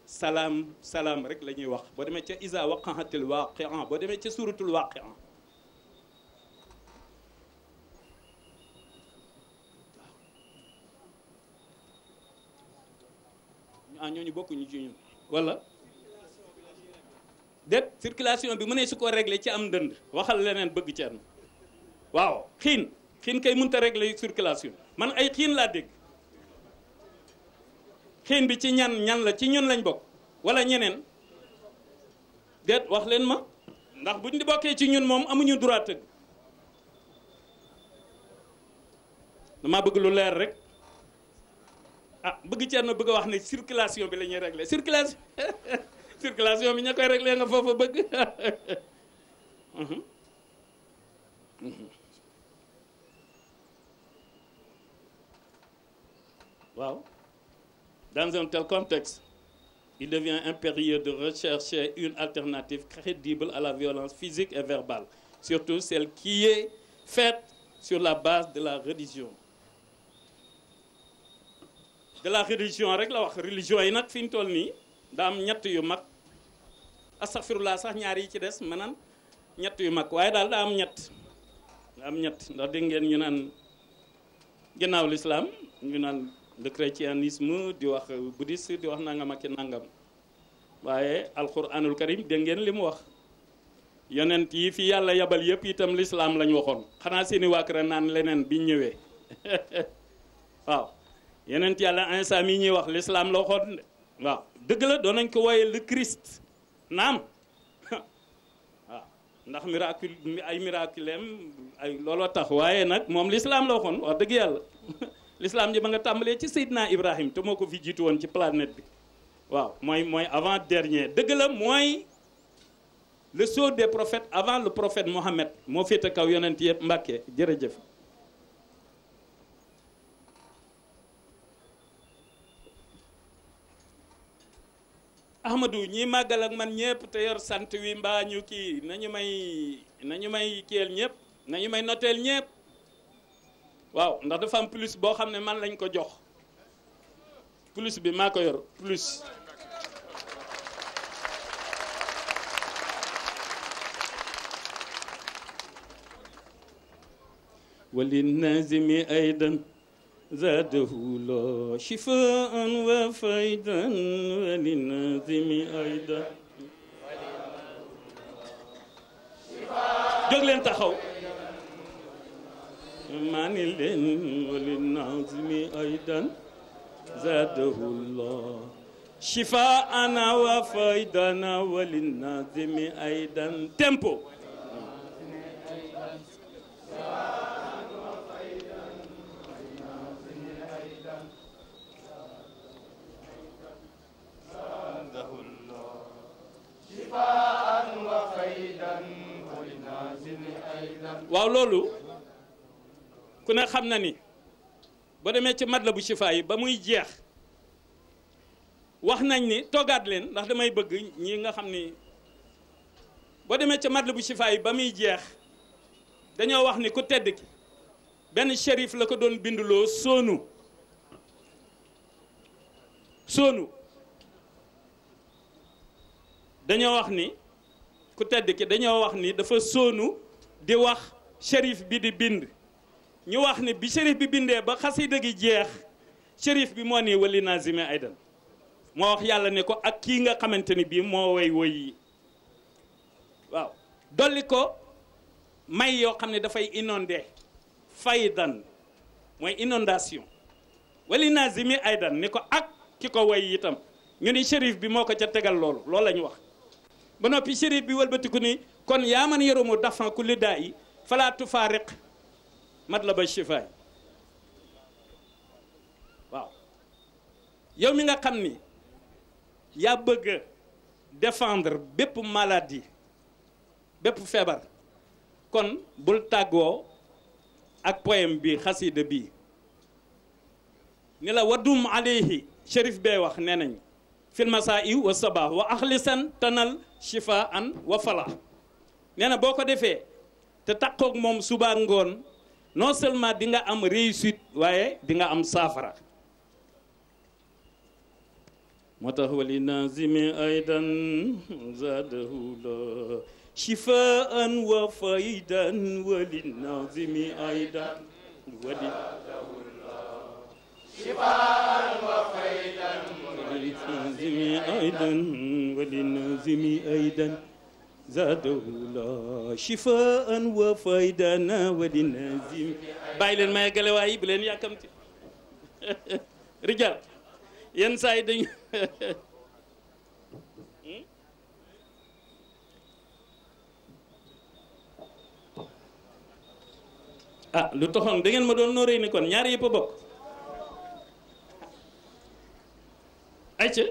salaam salaam rek la ñuy wax boo demee ca isa waqahatil waaqia boo demee ca suratul waaqia ah ñooñu bokkuñu ci ñun wala déet circulation bi mu ne su ko réglé ci am ndënd waxal leneen bëgg ci am waaw xiin xiin kay mënta réglé circulation man ay xiin laa dégg xiin bi ci ñan ñan la ci ñun lañ bokk walla ñeneen déet wax leen ma ndax buñ di bokkee ci ñun moom amuñu droit damaa bëgg lu leer rek ah bëgg Thierno bëgg a wax ni circulation bi lañuy ñuy régler circulation bi ña koy régler nga foofa bëgg mhm. Mhm. waaw Dans un tel contexte, il devient impérieux de rechercher une alternative crédible à la violence physique et verbale, surtout celle qui est faite sur la base de la religion. de la religion rek la wax religion yi nag fi ñu toll nii daa am ñett yu mag astaghfirullah sax ñaar yi ci des manan ñett yu mak waye daal da am ñett Il am ñett ndax de ngeen ñu naan ginnaaw l'islam ñu naan le chrétianisme di wax bouddhiste di wax nangam ak nangam waye alquranul karim de ngeen li wax yonent yi fi yalla yabal yep itam l'islam lañ xana seni wa kra nan lenen bi ñewé waaw yonent yalla insa mi ñi wax l'islam la waxoon waaw deug la do nañ ko waye le christ nam waaw ndax miracle ay miracle ay lolo tax waye nak mom l'islam la waxoon wax deug yalla lislaam ji ba nga tàmbalee ci Seydina Ibrahim te moo ko fi jiitu woon ci planète bi waaw mooy mooy avant dernier dëgg la mooy le sceau des prophètes avant le prophète Mohammed moo féete kaw yonent yëpp Mbàkke jërëjëf Ahmadou ñi màggal ak man ñëpp te yor sant wi mbaa ñu kii nañu may nañu may kiel ñëpp nañu may noteel ñëpp waaw ndax dafa am plus boo xam ne man lañu ko jox plus bi maa ko yor plus وللنازم أيضا زاده الله شفاء وفيدا وللنازم أيضا jóg leen taxaw من الإن وللناظم أيضا زاده الله شفاءنا وفيدنا وللناظم أيضا tempo xam na ni boo demee ci mat la bu sifaa yi ba muy jeex wax nañ ni toggaat leen ndax damay bëgg ñi nga xam ni boo demee ci mat la bu sifaa yi ba muy jeex dañoo wax ni ku tedd ki benn shérif la ko doon binduloo soonu soonu dañoo wax ni ku tedd ki dañoo wax ni dafa soonu di wax shérif bi di bind ñu wax ne bi shérif bi bindee ba xas xasida gi jeex shérif bi moo ni wali nazime aydan moo wax yàlla ne ko ak kii nga xamante ni bii moo woy woy yi waaw dolli ko may yoo xam ne dafay inondé faydan mooy inondation wali nazime aydan ni ko ak ki ko woy itam ñu ni shérif bi moo ko ca tegal loolu loolu la ñu wax ba noppi shérif bi wëlbatiku ni kon yaa man yoromu dafan ku yi falaatu faariq matlaba shifaay waaw yow mi nga xam ni yaa bëgg a défendre bépp maladie bépp feebar kon bul tàggoo ak poème bi xasida bi ni la waddum alayhi shérif bee wax nee nañ fil masaa'i wa sabah wa axlisan tanal shifaan wa fala nee na boo ko defee te takkook moom suba ngoon non seulement dinga nga am réussite waaye di nga am saafara moo tax wali nazimi wa faydan wali nazimi aydan زاده الله شفاء وفيدانا وللنازم bàyyi leen may gale waay bu leen yàkkamti rijaal yenn saa yi dañu ah lu taxoon da ngeen ma doon nooree ni kon ñaari yëpp a bokk ayca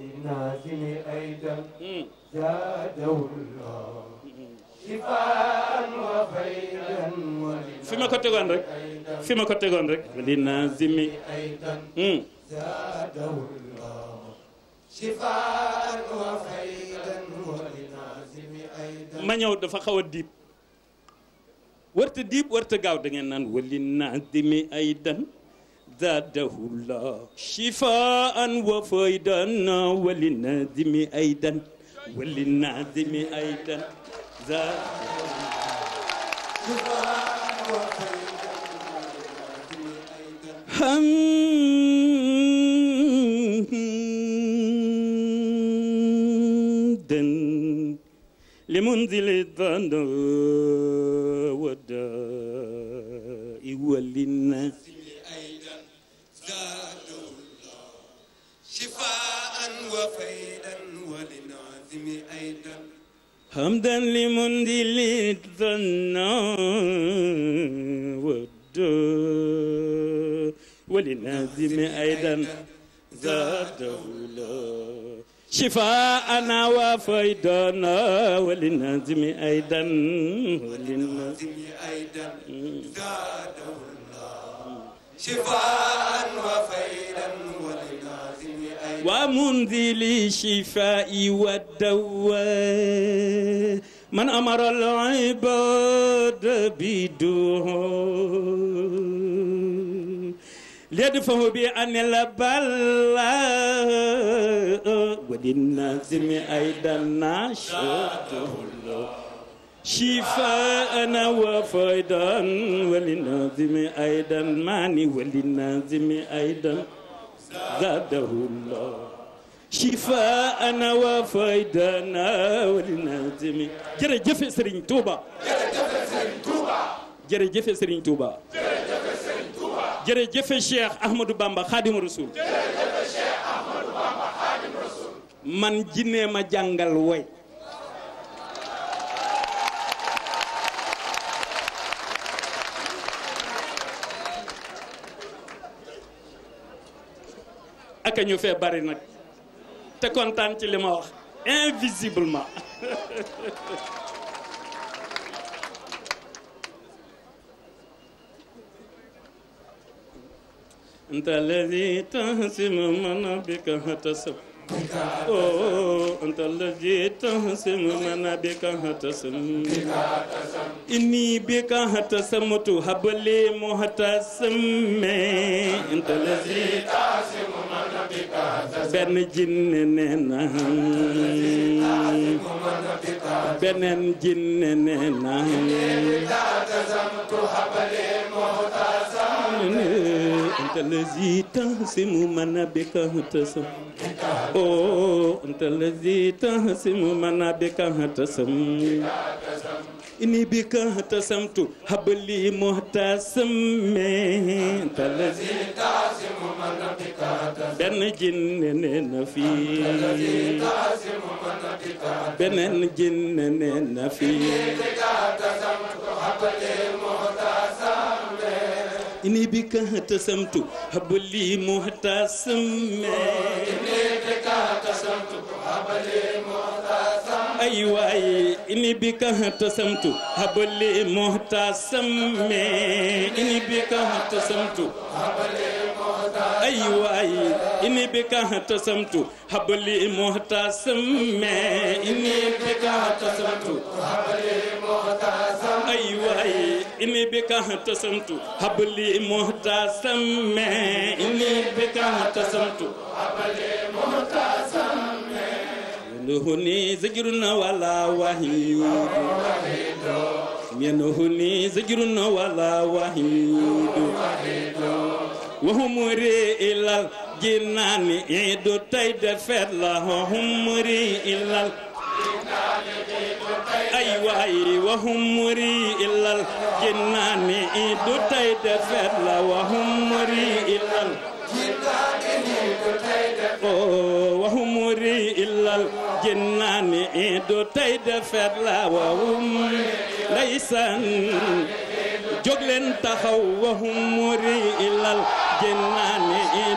للناس أيضا زاده الله شفاء وخيرا fi ma ko tegoon rek fi ma ko tegoon rek li naazimi أيضا زاده الله شفاء وخيرا ولناازم أيضا ma ñëw dafa xaw a diib warta diib warta gaaw da ngeen naan wali naazimi aydan زاده الله شفاء وفيدا وللنادم أيضا وللنادم أيضا زاده شفاء وفيدا لمنزل الظن والداء وللناس حمدا لمنزل الثنى والدار وللنازم أيضا ذا الدولة شفاءنا وفيدنا وللنازم أيضا وللنازم أيضا ذا الله شفاء وفيدا ومنزل شفاء والدواء من أمر العباد بدعاء ليدفعه بأن البلاء وللنازم أيضا نشاطه الله وفيدا وللنازم أيضا ماني وللنازم أيضا زاده الله شفاء وفيدنا ولنازم jërëjëf Serigne Touba jërëjëf Serigne Touba jërëjëf Serigne Touba jërëjëf Serigne Touba jërëjëf Cheikh Ahmadou Bamba Khadim Rasoul jërëjëf Cheikh Ahmadou Bamba Khadim Rasoul man jinne ma jàngal way ak ñu fee bari nag te kontaan ci li ma wax invisiblement أنت الذي تهزم من بك هتسب أنت الذي تهزم من بك هتسم إني بك هتسمت هب لي مهتسم أنت الذي تهزم من benn jinne nee na beneen jinne nee na أنت الذي تهزم من بك هتسم أوه أنت الذي تهزم من بك هتسم إني بك اهتسمت هب لي مهتسما أنت الذي تعزم منطقك بن جنن في أنت الذي تعزم منطقك بن جنن في إني بك اهتسمت هب لي مهتسما إني بك اهتسمت هب لي مهتسما إني بك اهتسمت هب لي ay waay ini bi ka tasamtu habali muhtasam me ini bi ka tasamtu habali ay waay ini bi ka tasamtu habali muhtasam me ini bi ka tasamtu habali muhtasam ay waay ini bi ka tasamtu habali muhtasam me ini bi ka tasamtu habali muhtasam منهني زجر ولا وحيد منهني زجر ولا وحيد وهم إلى الجنان عيد تيد فلا وهم إلى أيوة وهم مري إلا الجنان إيدو تيد فلا وهم مري إلا الجنان إيدو تيد فلا وهم مري إلا الجنان jinnaani du tey defet la wahum ndeysaan jóg leen taxaw wahum muri ilal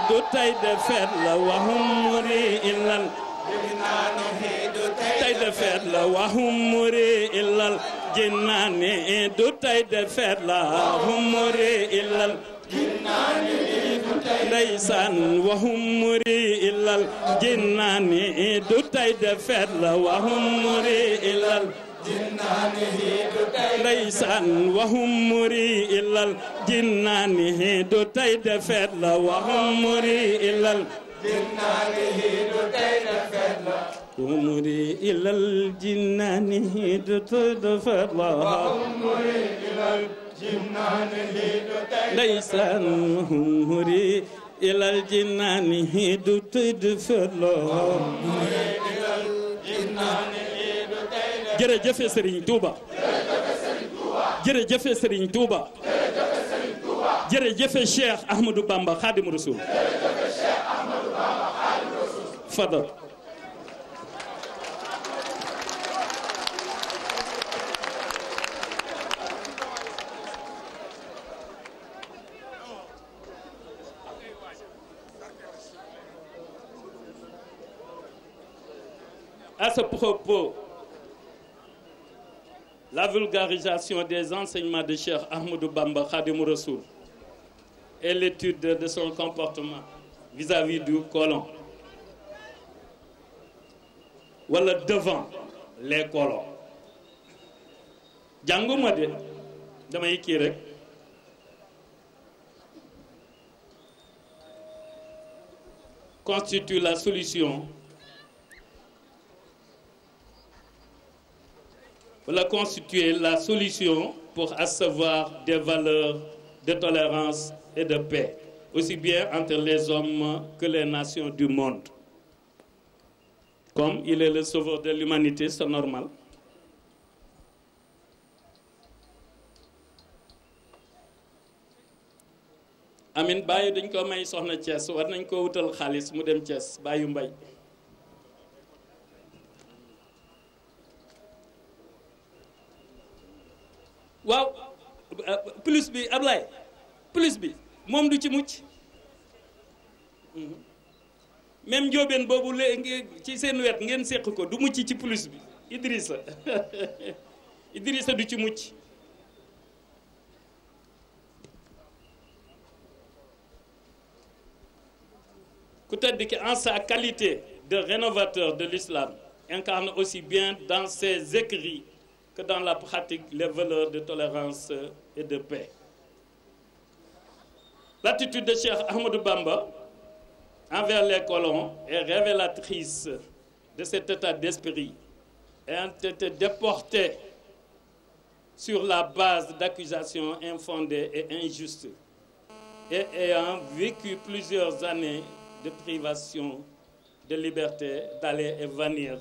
du tey defet la wahum muri ilal tey defet ndeysaan waxum muri ilal jinnaani du tey de feet la waxum muri ilal ndeysaan waxum muri ilal jinnaani du tey de feet la waxum muri ilal أمري إلى الجنان هدت دفلا وأمري إلى الجنان ليس نهوري إلى الجنان هيدو تدفلو jërëjëf Serigne Touba jërëjëf Serigne Touba jërëjëf Cheikh Ahmadou Bamba Khadim Rasoul fadal À ce propos, la vulgarisation des enseignements de Cheikh Ahmadou Bamba Khadim et l'étude de son comportement vis-à-vis du colon, voilà devant les colons. de constitue la solution a constituer la solution pour asseoir des valeurs de tolérance et de paix, aussi bien entre les hommes que les nations du monde. Comme il est le sauveur de l'humanité, c'est normal. Euh, plus bi plus bi Même du ci mhm. même njóobeen boobu ci seen wet ngeen ko du mucc plus bi Idrissa Idrissa du ci mucc ku en sa qualité de rénovateur de l'islam incarne aussi bien dans ses écrits dans la pratique les valeurs de tolérance et de paix. L'attitude de Cheikh Ahmadou Bamba envers les colons est révélatrice de cet état d'esprit et été déporté... sur la base d'accusations infondées et injustes et ayant vécu plusieurs années de privation de liberté d'aller et venir.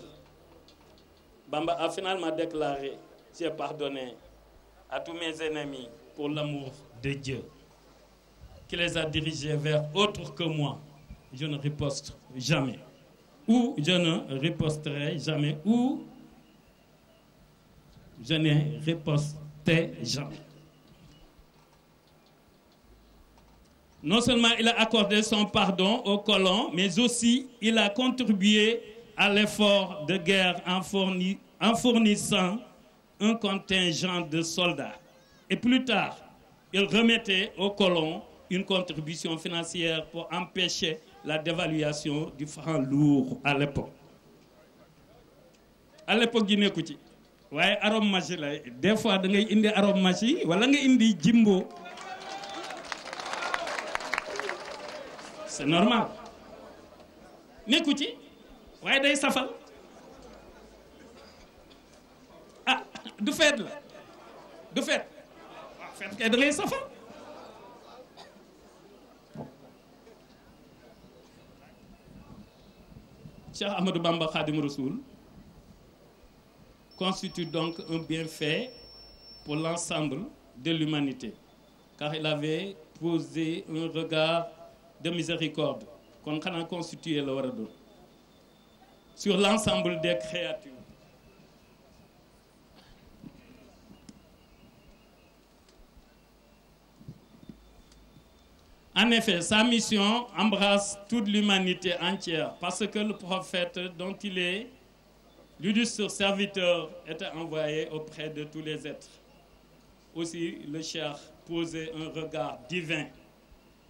Bamba a finalement déclaré j'ai pardonné à tous mes ennemis pour l'amour de Dieu qui les a dirigés vers autre que moi. Je ne riposte jamais. Ou je ne riposterai jamais. Ou je ne ripostais jamais. Non seulement il a accordé son pardon aux colons, mais aussi il a contribué à l'effort de guerre en fournissant un contingent de soldats. Et plus tard, il remettait aux colons une contribution financière pour empêcher la dévaluation du franc lourd à l'époque. À l'époque Guinée-Kouti. arôme des fois indi wala indi jimbo c'est normal nekku ci day safal de fait, de faire, ah, fait. waaw sa kay da ngay safar Cheikh Bamba Khadim Rasoul constitue donc un bienfait pour l'ensemble de l'humanité car il avait posé un regard de miséricorde qu'on a constitué le sur l'ensemble des créatures En effet, sa mission embrasse toute l'humanité entière parce que le prophète dont il est, l'illustre serviteur, était envoyé auprès de tous les êtres. Aussi, le cher posait un regard divin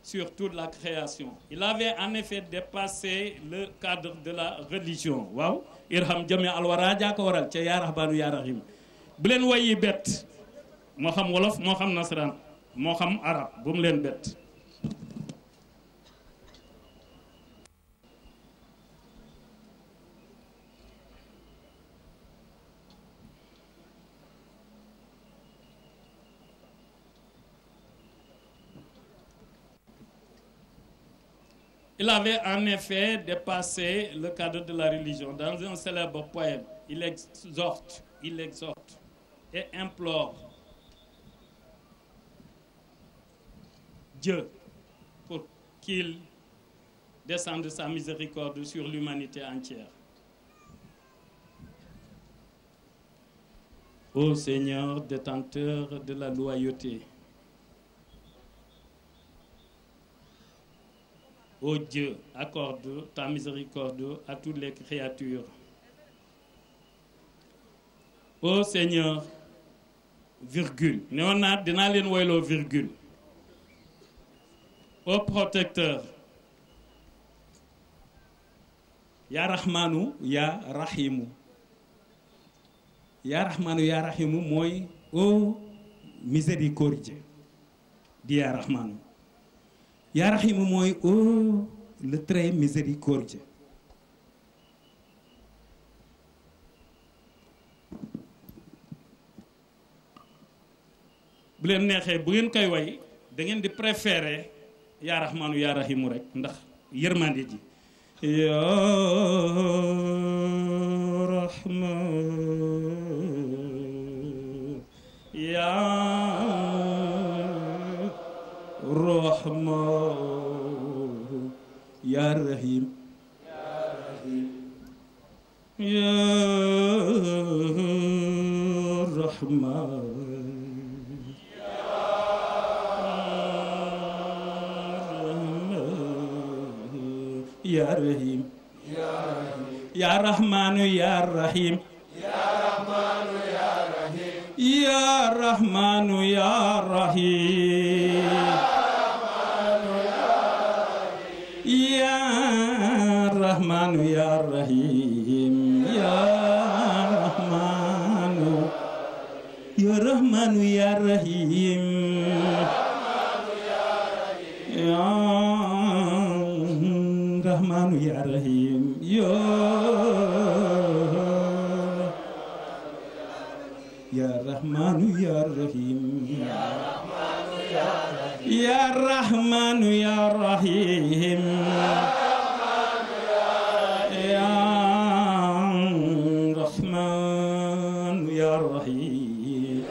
sur toute la création. Il avait en effet dépassé le cadre de la religion. Il avait en effet dépassé le cadre de la religion. Dans un célèbre poème, il exhorte, il exhorte et implore Dieu pour qu'il descende sa miséricorde sur l'humanité entière. Ô Seigneur, détenteur de la loyauté, Ô Dieu, accorde ta miséricorde à toutes les créatures. Ô Seigneur, virgule. Néonat, virgule. Ô protecteur. Ya Rahmanu, ya Rahimu. Ya Rahmanu, ya Rahimu moi, ô miséricorde. »« Ya Rahmanu. yaa raxiimu mooy oh le très miséricordieux bu leen neexee bu ngeen koy way da ngeen di préférer yaa raxmaanu yaa raxiimu rek ndax yërmande ji yaa yaa الرحمن يا الرحيم يا الرحيم يا الرحمن يا رحيم يا رحمن يا رحيم يا رحمن يا رحيم يا رحمن يا رحيم rahmanu ya rahim ya rahmanu ya rahmanu ya rahim ya rahmanu ya rahim ya ya rahmanu ya rahim ya rahmanu ya rahim ya الرحمن يا رحيم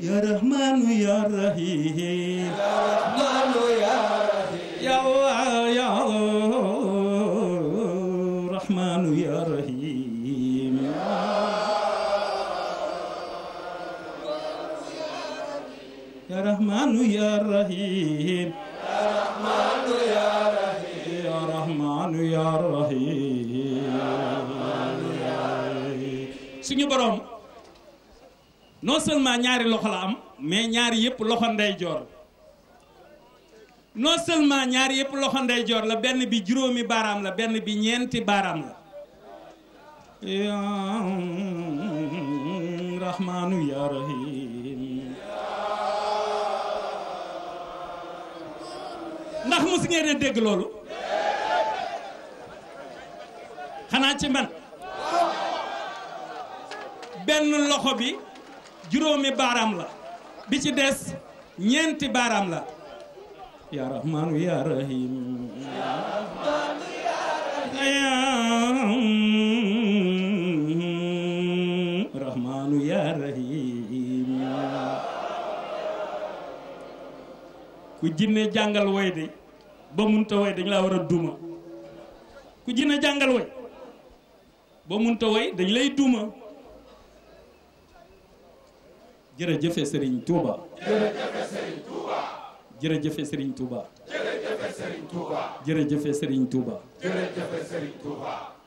يا رحمن يا رحيم suñu boroom non seulement ñaari loxo la am mais ñaari yëpp loxo ndeyjoor non seulement yëpp loxo la benn bi juróomi baaraam la benn bi ñeenti baaraam la yaa rahmaanu ndax musu ngeen a dégg loolu xanaa ci man benn loxo bi juróomi baram la bi ci dess ñenti baram la ya rahman ya rahim Rahman ya rahim ku jinne jàngal way de ba munta way dañ la wara duma ku jinne jangal way ba munta way dañ lay duma jërëjëfe Serigne Touba. jërëjëfe Serigne Touba. jërëjëfe Serigne Touba. jërëjëfe Serigne Touba. jërëjëfe Serigne Touba. jërëjëfe Serigne Touba.